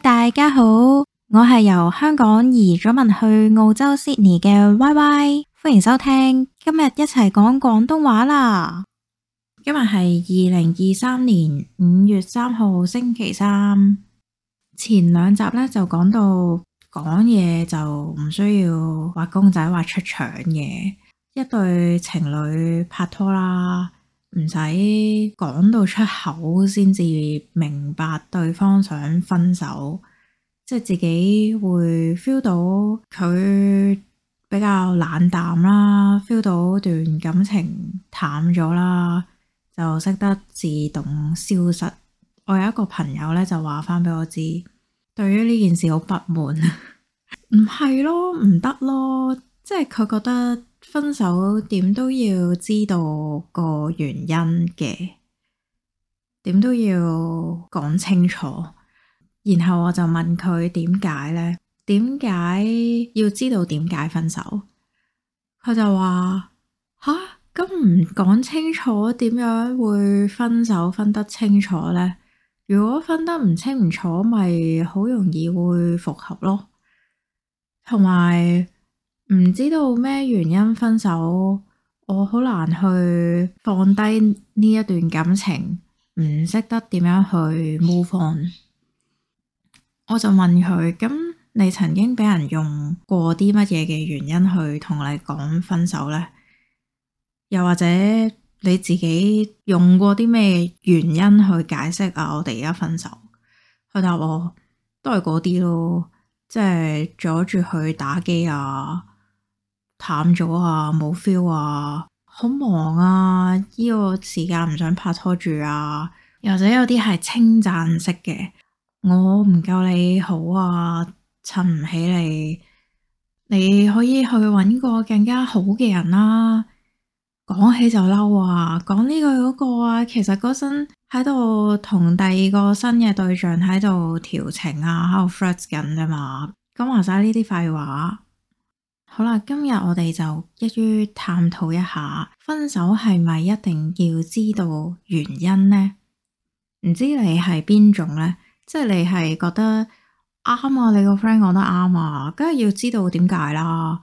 大家好，我係由香港移咗民去澳洲悉尼嘅 Y Y，歡迎收聽，今日一齊講廣東話啦。今日係二零二三年五月三號星期三。前兩集咧，就講到講嘢就唔需要畫公仔畫出腸嘅一對情侶拍拖啦。唔使講到出口先至明白對方想分手，即係自己會 feel 到佢比較冷淡啦，feel 到段感情淡咗啦，就識得自動消失。我有一個朋友呢，就話翻俾我知，對於呢件事好不滿，唔係 咯，唔得咯。即係佢覺得分手點都要知道個原因嘅，點都要講清楚。然後我就問佢點解呢？點解要知道點解分手？佢就話：吓咁唔講清楚，點樣會分手分得清楚呢？如果分得唔清唔楚，咪好容易會復合咯。同埋。唔知道咩原因分手，我好難去放低呢一段感情，唔識得點樣去 move on。我就問佢：咁你曾經俾人用過啲乜嘢嘅原因去同你講分手呢？又或者你自己用過啲咩原因去解釋啊？我哋而家分手，佢答我都係嗰啲咯，即係阻住佢打機啊。淡咗啊，冇 feel 啊，好忙啊，呢、這個時間唔想拍拖住啊，又或者有啲係稱讚式嘅，我唔夠你好啊，襯唔起你，你可以去搵個更加好嘅人啦、啊。講起就嬲啊，講呢句嗰個啊，其實嗰陣喺度同第二個新嘅對象喺度調情啊，喺度 fright 緊啫嘛，咁話晒呢啲廢話。好啦，今日我哋就一於探討一下，分手係咪一定要知道原因呢？唔知你係邊種呢？即係你係覺得啱啊， 你個 friend 講得啱啊，梗係要知道點解啦。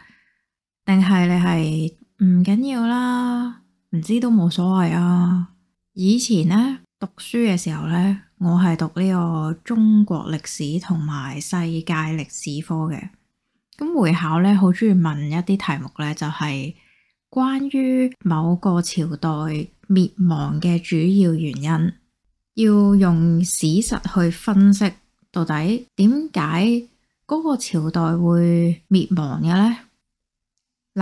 定係你係唔緊要啦？唔知都冇所謂啊。以前呢，讀書嘅時候呢，我係讀呢個中國歷史同埋世界歷史科嘅。咁會考咧，好中意問一啲題目咧，就係關於某個朝代滅亡嘅主要原因，要用史實去分析，到底點解嗰個朝代會滅亡嘅咧？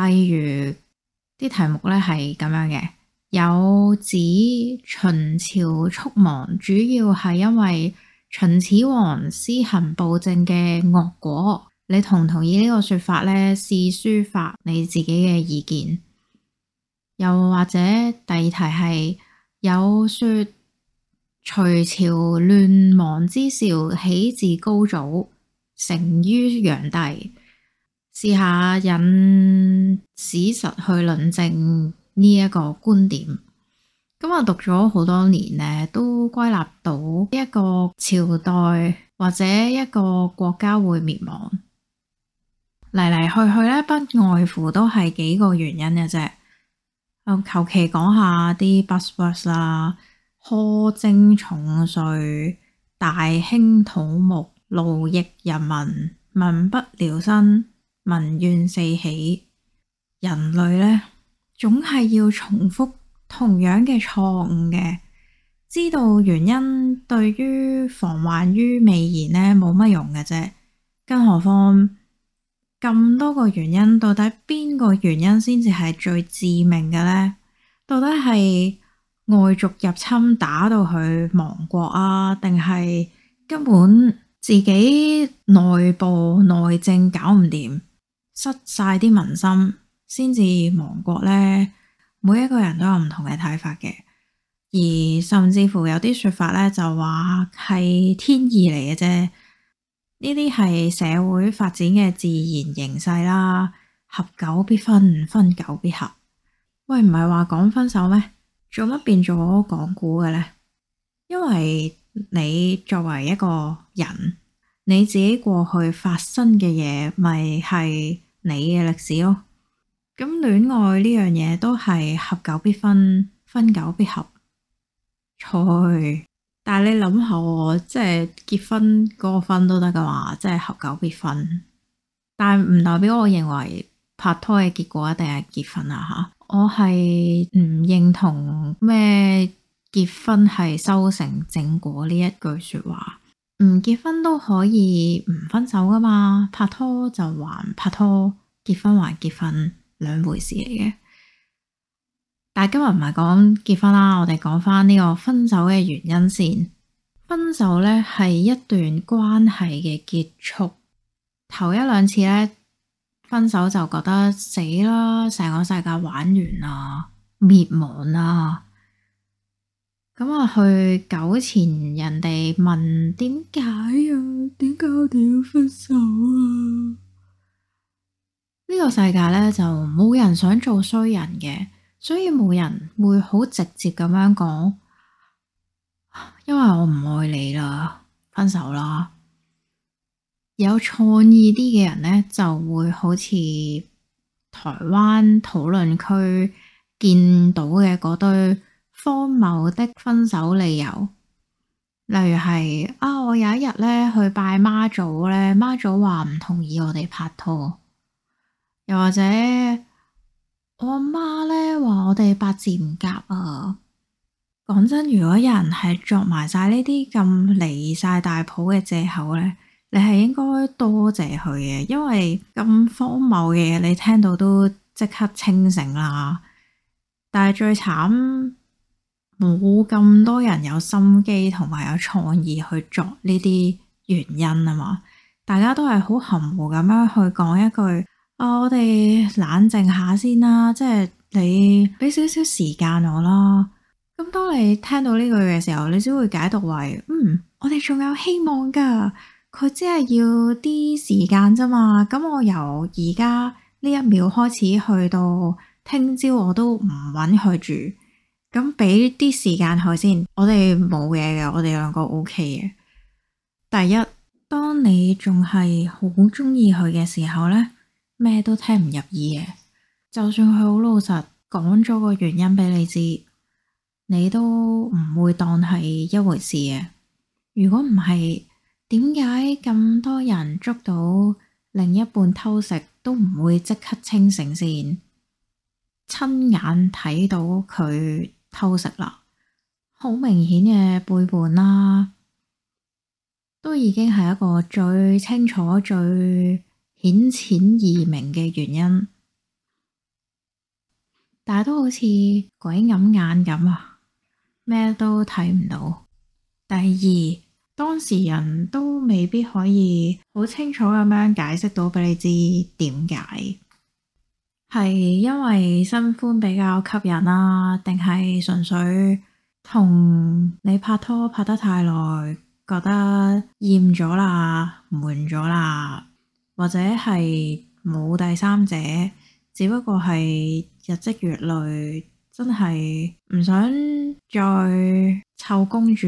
例如啲題目咧係咁樣嘅，有指秦朝速亡主要係因為秦始皇施行暴政嘅惡果。你同唔同意呢個說法呢？試抒發你自己嘅意見，又或者第二題係有說隋朝亂亡之兆，起自高祖，成於煬帝。試下引史實去論證呢一個觀點。咁我讀咗好多年呢都歸納到一個朝代或者一個國家會滅亡。嚟嚟去去咧，不外乎都係幾個原因嘅啫。嗯，求其講下啲 buzzwords 啦，苛政重稅，大興土木，勞役人民，民不聊生，民怨四起。人類呢，總係要重複同樣嘅錯誤嘅，知道原因對於防患於未然呢，冇乜用嘅啫，更何況。咁多個原因，到底邊個原因先至係最致命嘅呢？到底係外族入侵打到佢亡國啊，定係根本自己內部內政搞唔掂，失晒啲民心先至亡國呢？每一個人都有唔同嘅睇法嘅，而甚至乎有啲說法咧，就話係天意嚟嘅啫。呢啲係社會發展嘅自然形勢啦，合久必分，分久必合。喂，唔係話講分手咩？做乜變咗講古嘅呢？因為你作為一個人，你自己過去發生嘅嘢，咪係你嘅歷史咯。咁戀愛呢樣嘢都係合久必分，分久必合。錯。但係你諗下，即係結婚嗰個婚都得噶嘛，即係合久必分。但係唔代表我認為拍拖嘅結果一定係結婚呀吓。我係唔認同咩結婚係修成正果呢一句說話。唔結婚都可以唔分手噶嘛，拍拖就還拍拖，結婚還結婚，兩回事嚟嘅。但係今日唔係講結婚啦，我哋講翻呢個分手嘅原因先。分手呢係一段關係嘅結束。頭一兩次呢，分手就覺得死啦，成個世界玩完啦，滅門啦。咁啊，去糾纏人哋問點解啊？點解我哋要分手啊？呢個世界呢，就冇人想做衰人嘅。所以冇人會好直接咁樣講，因為我唔愛你啦，分手啦。有創意啲嘅人呢，就會好似台灣討論區見到嘅嗰堆荒謬的分手理由，例如係啊、哦，我有一日呢去拜媽祖呢，媽祖話唔同意我哋拍拖，又或者。我阿媽呢話我哋八字唔夾啊！講真，如果有人係作埋晒呢啲咁離晒大譜嘅借口呢，你係應該多謝佢嘅，因為咁荒謬嘅嘢你聽到都即刻清醒啦。但係最慘冇咁多人有心機同埋有創意去作呢啲原因啊嘛，大家都係好含糊咁樣去講一句。啊！我哋冷靜下先啦，即係你俾少少時間我啦。咁當你聽到呢句嘅時候，你先會解讀為：嗯，我哋仲有希望噶。佢只係要啲時間啫嘛。咁我由而家呢一秒開始去到聽朝，我都唔揾佢住。咁俾啲時間佢先。我哋冇嘢嘅，我哋兩個 OK 嘅。第一，當你仲係好中意佢嘅時候呢。咩都聽唔入耳嘅，就算佢好老實講咗個原因俾你知，你都唔會當係一回事嘅。如果唔係，點解咁多人捉到另一半偷食都唔會即刻清醒先？親眼睇到佢偷食啦，好明顯嘅背叛啦，都已經係一個最清楚最。顯淺易明嘅原因，但係都好似鬼揞眼咁啊，咩都睇唔到。第二，當事人都未必可以好清楚咁樣解釋到俾你知點解，係因為新歡比較吸引啦，定係純粹同你拍拖拍得太耐，覺得厭咗啦，悶咗啦。或者係冇第三者，只不過係日積月累，真係唔想再湊公主，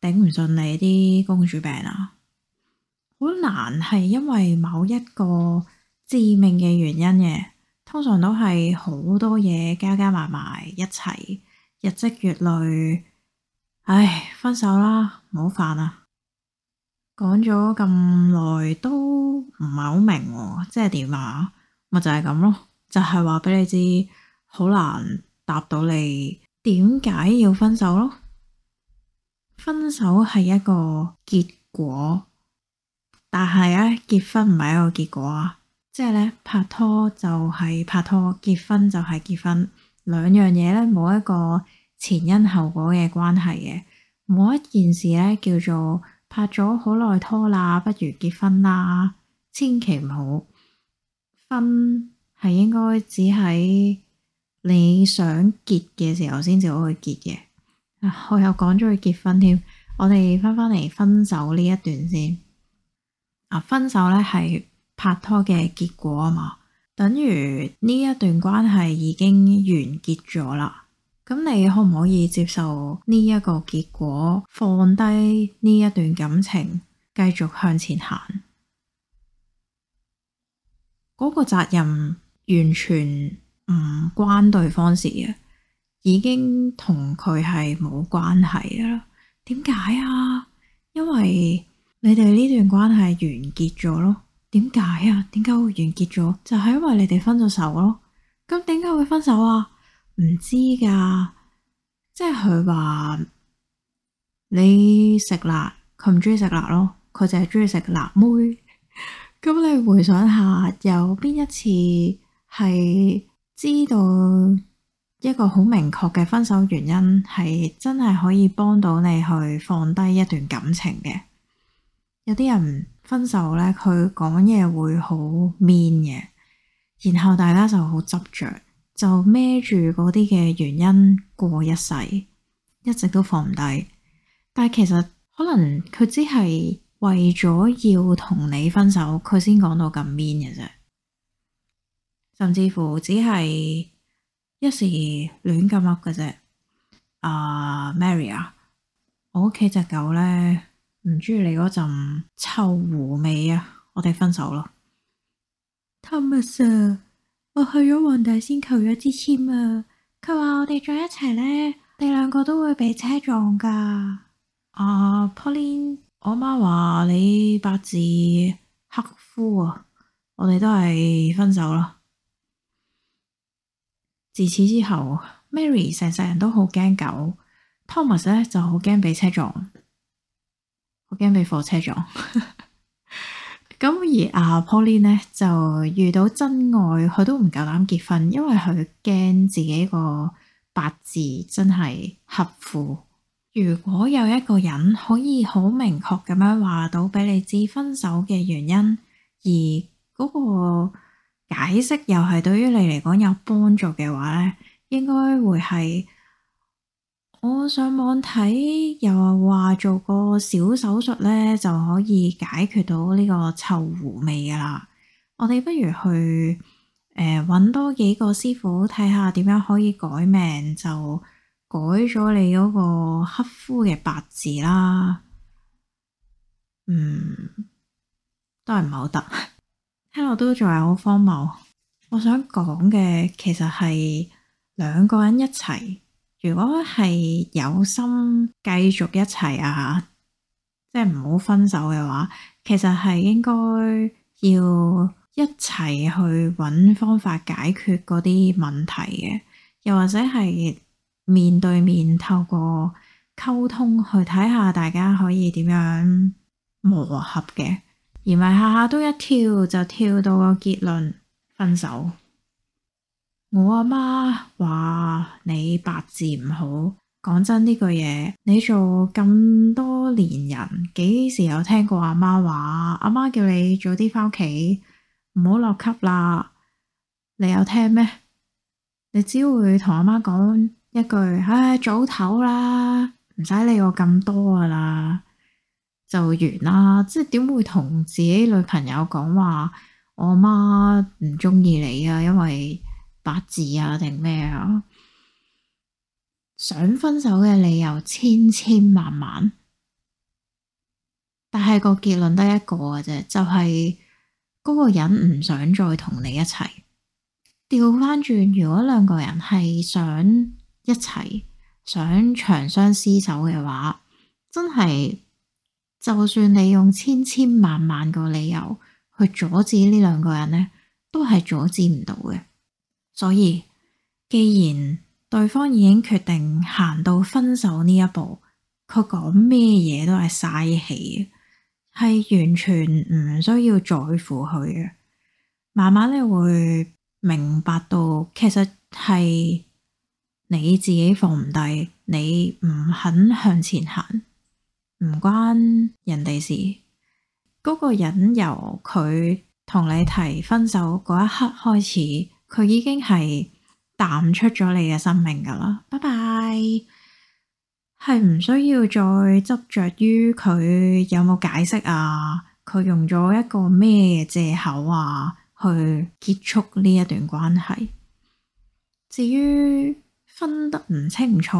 頂唔順你啲公主病啊！好難係因為某一個致命嘅原因嘅，通常都係好多嘢加加埋埋一齊，日積月累，唉，分手啦，唔好煩啊！講咗咁耐都唔係好明，即係點啊？咪就係咁咯，就係話俾你知，好難答到你點解要分手咯。分手係一個結果，但係咧、啊、結婚唔係一個結果啊。即係咧拍拖就係拍拖，結婚就係結婚，兩樣嘢咧冇一個前因後果嘅關係嘅，冇一件事咧叫做。拍咗好耐拖啦，不如結婚啦！千祈唔好，婚係應該只喺你想結嘅時候先至去結嘅。我又講咗去結婚添。我哋翻返嚟分手呢一段先。啊，分手咧，係拍拖嘅結果啊嘛，等於呢一段關係已經完結咗啦。咁你可唔可以接受呢一個結果，放低呢一段感情，繼續向前行？嗰個責任完全唔關對方事嘅，已經同佢係冇關係嘅啦。點解啊？因為你哋呢段關係完結咗咯。點解啊？點解會完結咗？就係因為你哋分咗手咯。咁點解會分手啊？唔知噶，即係佢話你食辣，佢唔中意食辣咯，佢淨係中意食辣妹。咁 你回想下，有邊一次係知道一個好明確嘅分手原因，係真係可以幫到你去放低一段感情嘅？有啲人分手呢，佢講嘢會好 mean 嘅，然後大家就好執着。就孭住嗰啲嘅原因過一世，一直都放唔低。但係其實可能佢只係為咗要同你分手，佢先講到咁 mean 嘅啫。甚至乎只係一時亂咁噏嘅啫。啊，uh，Maria，我屋企隻狗咧唔中意你嗰陣臭狐味啊，我哋分手咯。Thomas、啊我去咗黃大仙求咗支籤啊，佢話我哋再一齊咧，你兩個都會俾車撞噶。啊、uh，Pauline，我媽話你八字克夫啊，我哋都係分手啦。自此之後，Mary 成世人都好驚狗，Thomas 咧就好驚俾車撞，好驚俾貨車撞。 咁而阿 Pauline 咧就遇到真愛，佢都唔夠膽結婚，因為佢驚自己個八字真係合符。如果有一個人可以好明確咁樣話到俾你知分手嘅原因，而嗰個解釋又係對於你嚟講有幫助嘅話咧，應該會係。我上網睇又話做個小手術呢就可以解決到呢個臭狐味噶啦，我哋不如去誒搵、呃、多幾個師傅睇下點樣可以改命，就改咗你嗰個克夫嘅八字啦。嗯，都係唔係好得，聽落都仲係好荒謬。我想講嘅其實係兩個人一齊。如果係有心繼續一齊啊，即係唔好分手嘅話，其實係應該要一齊去揾方法解決嗰啲問題嘅，又或者係面對面透過溝通去睇下大家可以點樣磨合嘅，而唔係下下都一跳就跳到個結論分手。我阿媽話你八字唔好，講真呢句嘢，你做咁多年人，幾時有聽過阿媽話？阿媽叫你早啲返屋企，唔好落級啦，你有聽咩？你只會同阿媽講一句唉，早唞啦，唔使理我咁多噶啦，就完啦。即係點會同自己女朋友講話？我阿媽唔中意你啊，因為。八字啊，定咩啊？想分手嘅理由千千萬萬，但係個結論得一個嘅啫，就係嗰個人唔想再同你一齊。調翻轉，如果兩個人係想一齊，想長相厮守嘅話，真係就算你用千千萬萬個理由去阻止呢兩個人咧，都係阻止唔到嘅。所以，既然對方已經決定行到分手呢一步，佢講咩嘢都係嘥氣，係完全唔需要在乎佢嘅。慢慢你會明白到，其實係你自己放唔低，你唔肯向前行，唔關人哋事。嗰、那個人由佢同你提分手嗰一刻開始。佢已經係淡出咗你嘅生命噶啦，拜拜，係唔需要再執著於佢有冇解釋啊，佢用咗一個咩借口啊，去結束呢一段關係。至於分得唔清楚，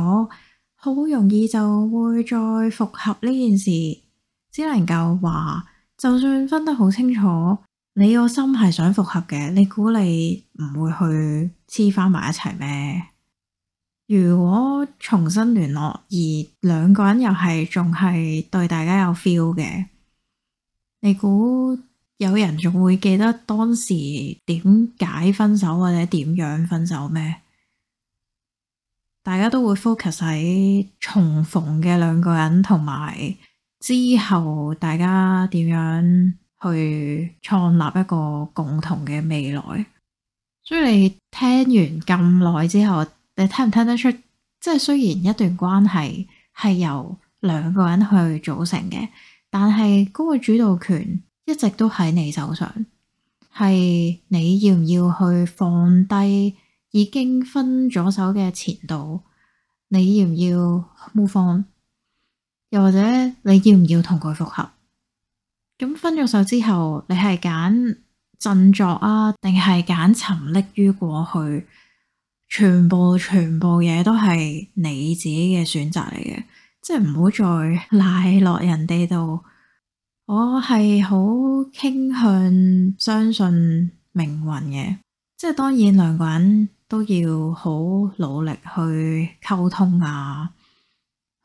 好容易就會再復合呢件事，只能夠話就算分得好清楚，你個心係想復合嘅，你估你唔會去黐翻埋一齊咩？如果重新聯絡而兩個人又係仲係對大家有 feel 嘅，你估有人仲會記得當時點解分手或者點樣分手咩？大家都會 focus 喺重逢嘅兩個人同埋之後大家點樣？去創立一個共同嘅未來，所以你聽完咁耐之後，你聽唔聽得出？即係雖然一段關係係由兩個人去組成嘅，但係嗰個主導權一直都喺你手上，係你要唔要去放低已經分咗手嘅前度？你要唔要 move on？又或者你要唔要同佢複合？咁分咗手之後，你係揀振作啊，定係揀沉溺於過去？全部全部嘢都係你自己嘅選擇嚟嘅，即係唔好再賴落人哋度。我係好傾向相信命運嘅，即係當然兩個人都要好努力去溝通啊，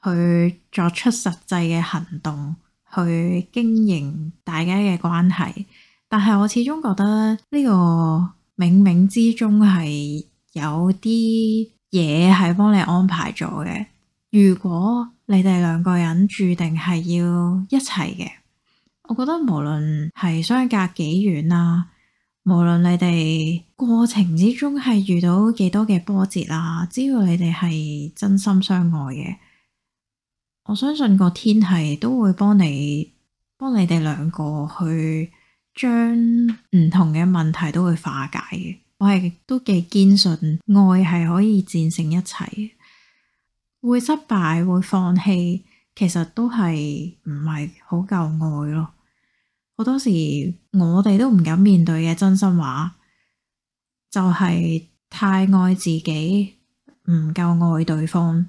去作出實際嘅行動。去經營大家嘅關係，但係我始終覺得呢個冥冥之中係有啲嘢係幫你安排咗嘅。如果你哋兩個人注定係要一齊嘅，我覺得無論係相隔幾遠啦，無論你哋過程之中係遇到幾多嘅波折啦，只要你哋係真心相愛嘅。我相信個天係都會幫你，幫你哋兩個去將唔同嘅問題都會化解嘅。我係都幾堅信愛係可以戰勝一切，會失敗會放棄，其實都係唔係好夠愛咯。好多時我哋都唔敢面對嘅真心話，就係太愛自己，唔夠愛對方。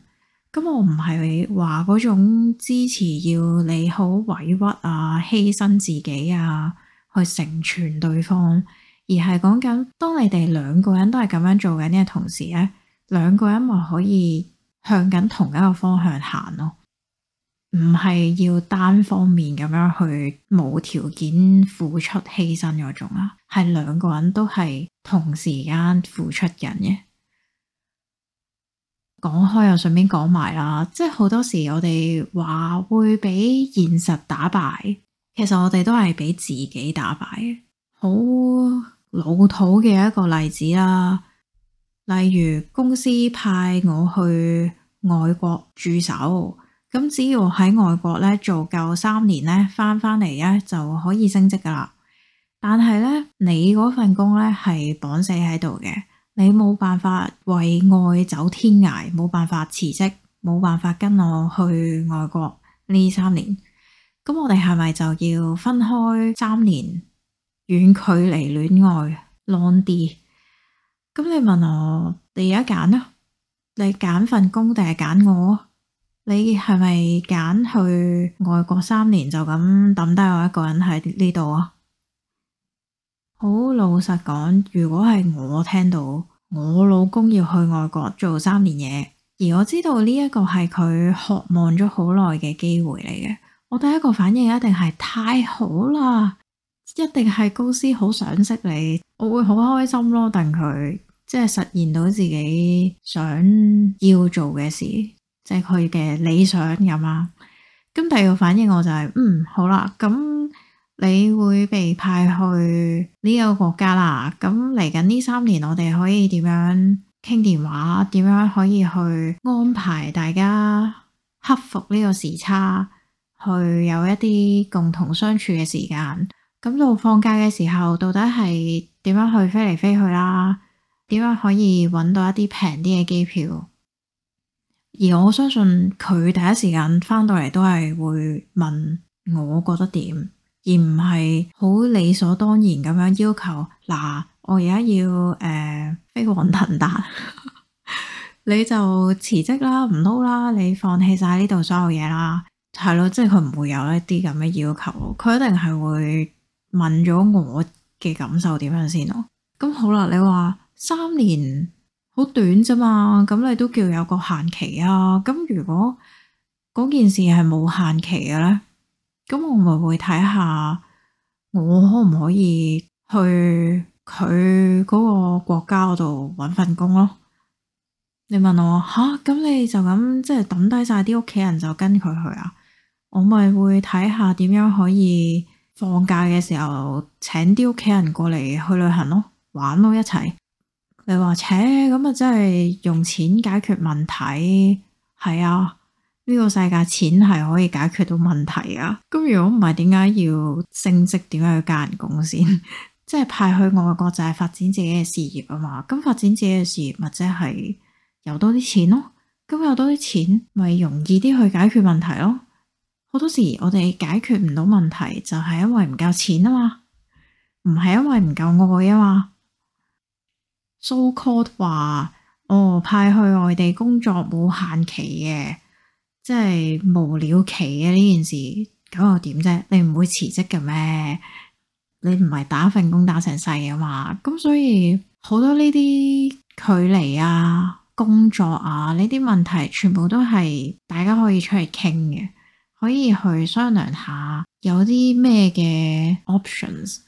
咁我唔係話嗰種支持要你好委屈啊，犧牲自己啊，去成全對方，而係講緊，當你哋兩個人都係咁樣做緊嘅同時咧，兩個人咪可以向緊同一個方向行咯，唔係要單方面咁樣去冇條件付出犧牲嗰種啊，係兩個人都係同時間付出人嘅。講開又順便講埋啦，即係好多時我哋話會俾現實打敗，其實我哋都係俾自己打敗。好老土嘅一個例子啦，例如公司派我去外國駐守，咁只要喺外國咧做夠三年咧，返返嚟咧就可以升職㗎喇。但係咧，你嗰份工咧係綁死喺度嘅。你冇辦法為愛走天涯，冇辦法辭職，冇辦法跟我去外國呢三年，咁我哋係咪就要分開三年遠距離戀愛 long 啲？咁你問我你而家揀啦，你揀份工定係揀我？你係咪揀去外國三年就咁抌低我一個人喺呢度啊？好老實講，如果係我聽到我老公要去外國做三年嘢，而我知道呢一個係佢渴望咗好耐嘅機會嚟嘅，我第一個反應一定係太好啦，一定係公司好想識你，我會好開心咯。定佢即係實現到自己想要做嘅事，即係佢嘅理想咁啊。咁第二個反應我就係嗯，好啦，咁。你會被派去呢個國家啦，咁嚟緊呢三年，我哋可以點樣傾電話？點樣可以去安排大家克服呢個時差，去有一啲共同相處嘅時間？咁到放假嘅時候，到底係點樣去飛嚟飛去啦？點樣可以揾到一啲平啲嘅機票？而我相信佢第一時間翻到嚟都係會問我覺得點？而唔係好理所當然咁樣要求嗱，我而家要誒、呃、飛黃騰達， 你就辭職啦，唔撈啦，你放棄晒呢度所有嘢啦，係咯，即係佢唔會有一啲咁嘅要求，佢一定係會問咗我嘅感受點樣先咯。咁好啦，你話三年好短啫嘛，咁你都叫有個限期啊。咁如果嗰件事係冇限期嘅咧？咁我咪會睇下，我可唔可以去佢嗰個國家嗰度搵份工咯？你問我吓，咁你就咁即係抌低晒啲屋企人就跟佢去啊？我咪會睇下點樣可以放假嘅時候請啲屋企人過嚟去旅行咯，玩咯一齊。你話請，咁啊真係用錢解決問題係啊。呢個世界錢係可以解決到問題啊？咁如果唔係，點解要升職？點樣去加人工先？ 即係派去外國就係發展自己嘅事業啊嘛。咁發展自己嘅事業，咪即係有多啲錢咯。咁有多啲錢，咪容易啲去解決問題咯。好多時我哋解決唔到問題，就係因為唔夠錢啊嘛，唔係因為唔夠愛啊嘛。So called 話哦，派去外地工作冇限期嘅。即係無了期嘅呢件事咁又點啫？你唔會辭職嘅咩？你唔係打份工打成世啊嘛？咁所以好多呢啲距離啊、工作啊呢啲問題，全部都係大家可以出嚟傾嘅，可以去商量下有啲咩嘅 options。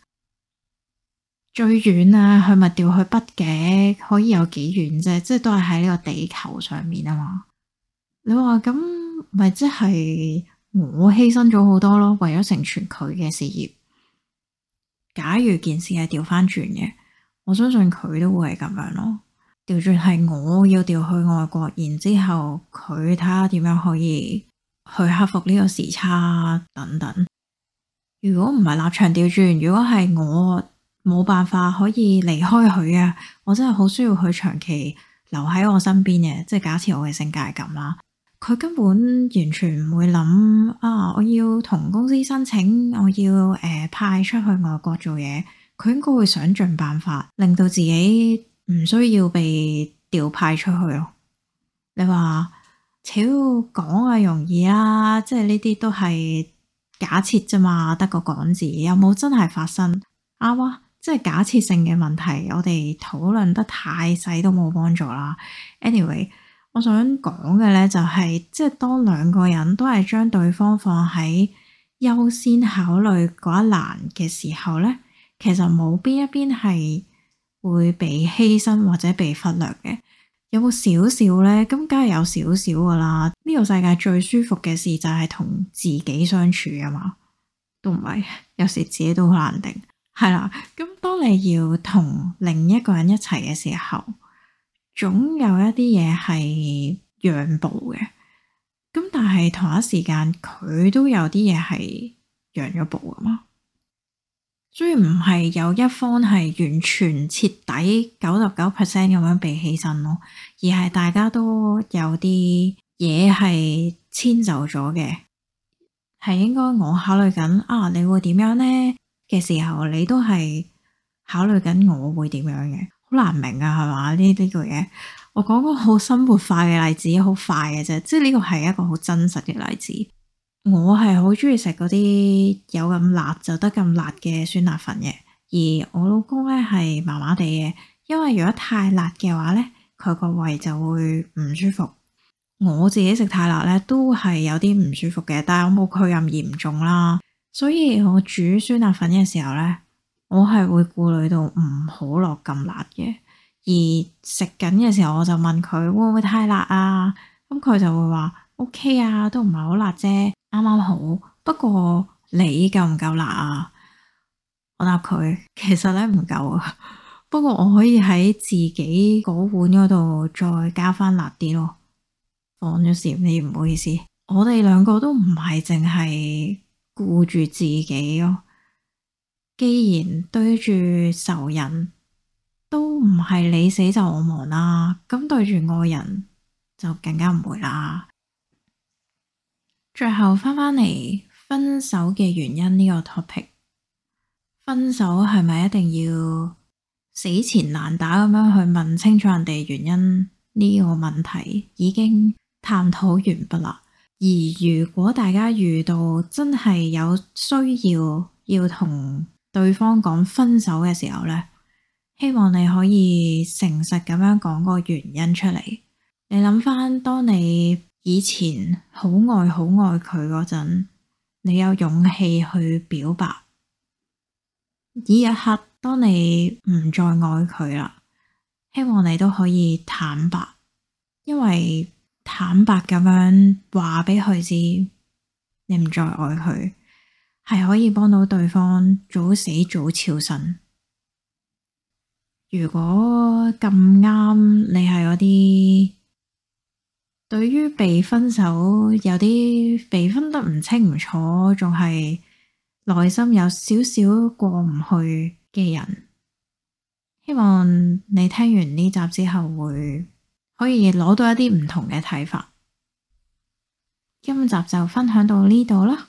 最遠啊，佢咪調去北極，可以有幾遠啫？即係都係喺呢個地球上面啊嘛。你話咁？咪即係我犧牲咗好多咯，為咗成全佢嘅事業。假如件事係調翻轉嘅，我相信佢都會係咁樣咯。調轉係我要調去外國，然之後佢睇下點樣可以去克服呢個時差等等。如果唔係立場調轉，如果係我冇辦法可以離開佢啊，我真係好需要佢長期留喺我身邊嘅。即係假設我嘅性格係咁啦。佢根本完全唔會諗啊！我要同公司申請，我要誒、呃、派出去外國做嘢。佢應該會想盡辦法，令到自己唔需要被調派出去咯，哦。你話，超講啊容易啦，啊，即係呢啲都係假設啫嘛，得個講字，有冇真係發生？啱啊，即係假設性嘅問題，我哋討論得太細都冇幫助啦。Anyway。我想講嘅呢，就係即係當兩個人都係將對方放喺優先考慮嗰一欄嘅時候呢，其實冇邊一邊係會被犧牲或者被忽略嘅。有冇少少呢？咁梗係有少少噶啦。呢個世界最舒服嘅事就係同自己相處啊嘛，都唔係有時自己都好難定係啦。咁當你要同另一個人一齊嘅時候。總有一啲嘢係讓步嘅，咁但係同一時間佢都有啲嘢係讓咗步㗎嘛，雖然唔係有一方係完全徹底九十九 percent 咁樣被起身咯，而係大家都有啲嘢係遷就咗嘅，係應該我考慮緊啊你會點樣呢？嘅時候，你都係考慮緊我會點樣嘅。好難明啊，係嘛？呢呢個嘢，我講個好生活化嘅例子，好快嘅啫。即係呢個係一個好真實嘅例子。我係好中意食嗰啲有咁辣就得咁辣嘅酸辣粉嘅，而我老公咧係麻麻地嘅，因為如果太辣嘅話咧，佢個胃就會唔舒服。我自己食太辣咧，都係有啲唔舒服嘅，但係我冇佢咁嚴重啦。所以我煮酸辣粉嘅時候咧，我係會顧慮到唔好落咁辣嘅，而食緊嘅時候我就問佢會唔會太辣啊？咁佢就會話 OK 啊，都唔係好辣啫，啱啱好。不過你夠唔夠辣啊？我答佢，其實咧唔夠啊。不過我可以喺自己嗰碗嗰度再加翻辣啲咯，放咗鹽。你唔好意思，我哋兩個都唔係淨係顧住自己咯。既然對住仇人都唔係你死就我亡啦，咁對住愛人就更加唔會啦。最後返返嚟分手嘅原因呢個 topic，分手係咪一定要死纏爛打咁樣去問清楚人哋原因呢個問題，已經探討完畢啦。而如果大家遇到真係有需要要同，對方講分手嘅時候呢，希望你可以誠實咁樣講個原因出嚟。你諗翻當你以前好愛好愛佢嗰陣，你有勇氣去表白。以一刻當你唔再愛佢啦，希望你都可以坦白，因為坦白咁樣話俾佢知，你唔再愛佢。係可以幫到對方早死早超生。如果咁啱你係嗰啲對於被分手有啲被分得唔清唔楚，仲係內心有少少過唔去嘅人，希望你聽完呢集之後會可以攞到一啲唔同嘅睇法。今集就分享到呢度啦。